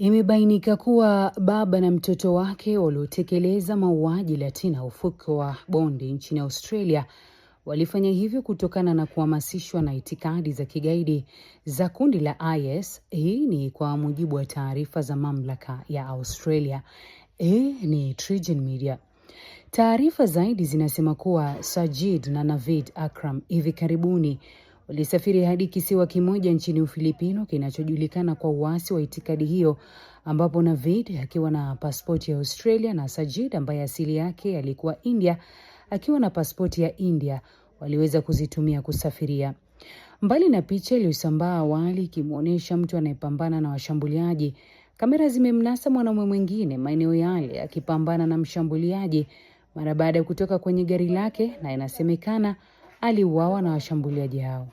Imebainika kuwa baba na mtoto wake waliotekeleza mauaji Latina ufuko wa Bondi nchini Australia walifanya hivyo kutokana na kuhamasishwa na itikadi za kigaidi za kundi la IS. Hii ni kwa mujibu wa taarifa za mamlaka ya Australia. Hii ni Trigen Media. Taarifa zaidi zinasema kuwa Sajid na Navid Akram hivi karibuni walisafiri hadi kisiwa kimoja nchini Ufilipino kinachojulikana kwa uasi wa itikadi hiyo, ambapo Navid akiwa na pasipoti ya Australia na Sajid ambaye asili yake alikuwa India akiwa na pasipoti ya India waliweza kuzitumia kusafiria. Mbali na picha iliyosambaa awali ikimwonyesha mtu anayepambana na washambuliaji, kamera zimemnasa mwanaume mwingine maeneo yale akipambana na mshambuliaji mara baada ya kutoka kwenye gari lake, na inasemekana aliuawa na washambuliaji hao.